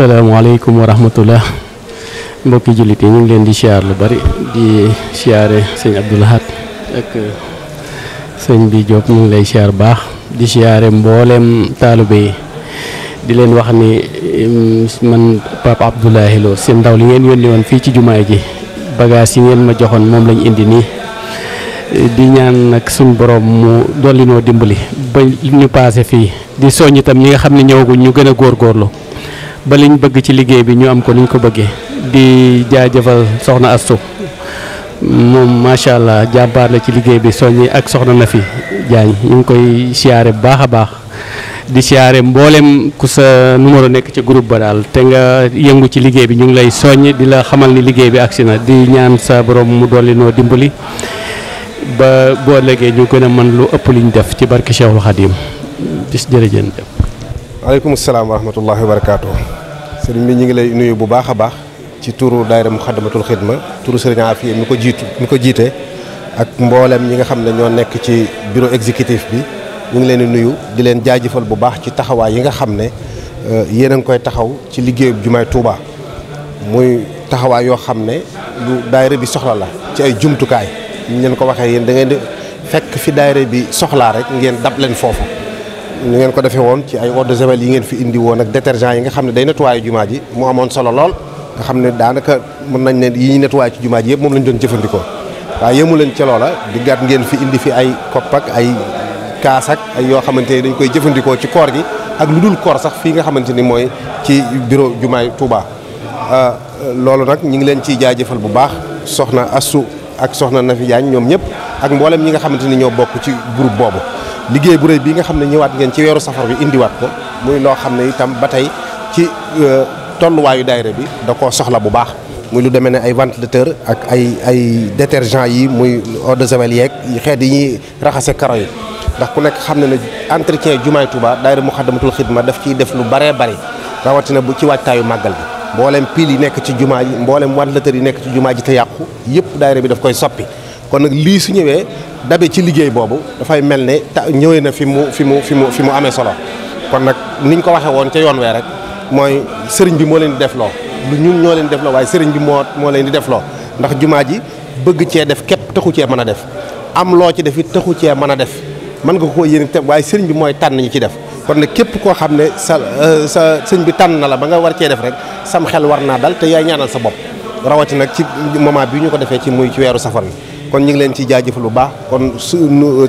asalaamaaleykum wa rahmatullah mbokki jullit yi ñu ngi leen di siyaar lu bari di siyaare sëñ Abdou Lahad ak sëñ bi Diop ñu ngi lay siyaar baax di siyaare mbooleem taalibe yi di leen wax ni man Pape Abdoulahi Lo seen ndaw li ngeen yónni woon fii ci jumaa ji bagaas yi ngeen ma joxoon moom lañu indi nii di ñaan nag suñ boroom mu dolli noo dimbali ba ñu paase fii di soññ itam ñi nga xam ne ñëwaguñ ñu gën a góorloo ba liñ bëgg ci liggéey bi ñu am ko niñ ko bëggee di jaajëfal soxna Astou moom macha allah jàmbaar ci liggéey bi soññi ak soxna na fi jaañ ñu ngi koy siyaare baax a baax di siyaare mboolem ku sa numéro nekk ci groupe ba daal te nga yëngu ci liggéey bi ñu ngi lay soññ di la xamal ni liggéey bi agsi na di ñaan sa borom mu dolli noo dimbali ba boo léegi ñu gën a mën lu ëpp liñ def ci barke Cheikhul Khadim bis jërëjëf. waaleykum salaam wa rahmatullahi wa barakaatu. sëriñ bi ñu ngi lay nuyu bu baax a baax ci turu daayira Muxaddamatul Xidma turu sëriñ Afia mi ko jiitu mi ko jiite ak mbooleem ñi nga xam ne ñoo nekk ci bureau exécutif bi ñu ngi leen di nuyu di leen jaajëfal bu baax ci taxawaay yi nga xam ne euh, yéen a ngi koy taxaw ci liggéeyub jumaay Touba muy taxawaay yoo xam ne lu daayira bi soxla la ci ay jumtukaay ñu leen ko waxee yéen da ngeen di fekk fi daayira bi soxlaa rek ngeen dab leen foofu ni ngeen ko defee woon ci ay eau de javel yi ngeen fi indi woon ak détergent yi nga xam ne day nettoyé jumaa ji mu amoon solo lool nga xam ne daanaka mën nañ ne yi ñuy nettoyé ci jumaa ji yëpp moom lañ doon jëfandikoo waaye yëmu leen ci loola di gàtt ngeen fi indi fi ay kopp ak ay kaas ak yoo xamante ni dañ koy jëfandikoo ci koor gi ak lu dul koor sax fii nga xamante ni mooy ci bureau jumaay Touba euh, loolu nag ñu ngi leen ciy jëfal bu baax soxna Astou ak soxna Nafi Diagne ñoom ñëpp ak mboolem ñi nga xamante ni ñoo bokk ci groupe boobu liggéey bu rëy bi nga xam ne ñëwaat ngeen ci weeru safar bi indiwaat ko muy loo xam ne itam ba tey ci euh, tolluwaayu dayre bi da koo soxla bu baax muy lu demee ne ay ventilateur ak ay ay détergent yi muy eau de javel yeeg xeet yi ñuy raxase karo yi ndax ku nekk xam ne ne entretien jumaay Touba daayira Muxaddamatul Xidma daf ciy def lu baree bari rawatina bu ci waajtaayu màggal bi mboolem pile yi nekk ci jumaa ji mboolem ventilateur yi nekk ci jumaa ji te yàqu yëpp daayira bi daf koy soppi kon nag lii su ñëwee dabe ci liggéey boobu dafay mel ne ta ñëwee na fi mu fi mu fi mu fi mu amee solo kon nag niñ ko waxee woon ca yoon wee rek mooy sëriñ bi moo leen di def loo lu ñun ñoo leen di def loo bi moo moo leen di def ndax jumaa ji bëgg cee def képp taxu cee mën a def am loo ci def it taxu cee mën a def mën nga koo yéene tam waaye sëriñ bi mooy tànn ñu ci def kon nag képp koo xam ne sa euh, sa sëñ bi tànn na la ba nga war cee def rek sam xel war naa dal te yaay ñaanal sa bopp rawati nag ci moment bi ñu ko defee ci muy ci weeru safar kon ñu ngi leen ciy jaajëfal bu baax kon su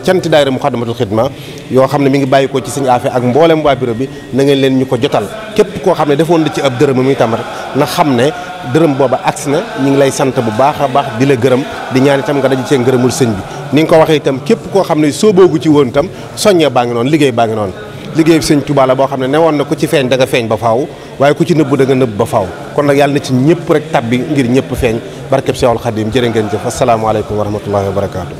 canti daayira Muxaddamatul Xidma yoo xam ne mu ngi bàyyi ko ci suñu affaire ak mboolem waa bureau bi na ngeen leen ñu ko jotal képp koo xam ne defoon na ci ab dërëm muy tam rek na xam ne dërëm booba agsi na ñu ngi lay sant bu baax a baax di la gërëm di ñaan itam nga daj cee ngërëmul sëñ bi ni nga ko waxee itam képp koo xam ne soo boogu ci woon itam soññee baa ngi noonu liggéey baa ngi noonu liggéey bi sëñ Touba boo xam ne ne woon na ku ci feeñ danga nga feeñ ba faaw waaye ku ci nëbb da nga nëbb ba faw kon nag yàlla na ci ñëpp rek tab bi ngir ñëpp feeñ barkeb Seexul Xadim jërë ngeen jëf asalaamaaleykum wa rahmatullahi wa barakaatu.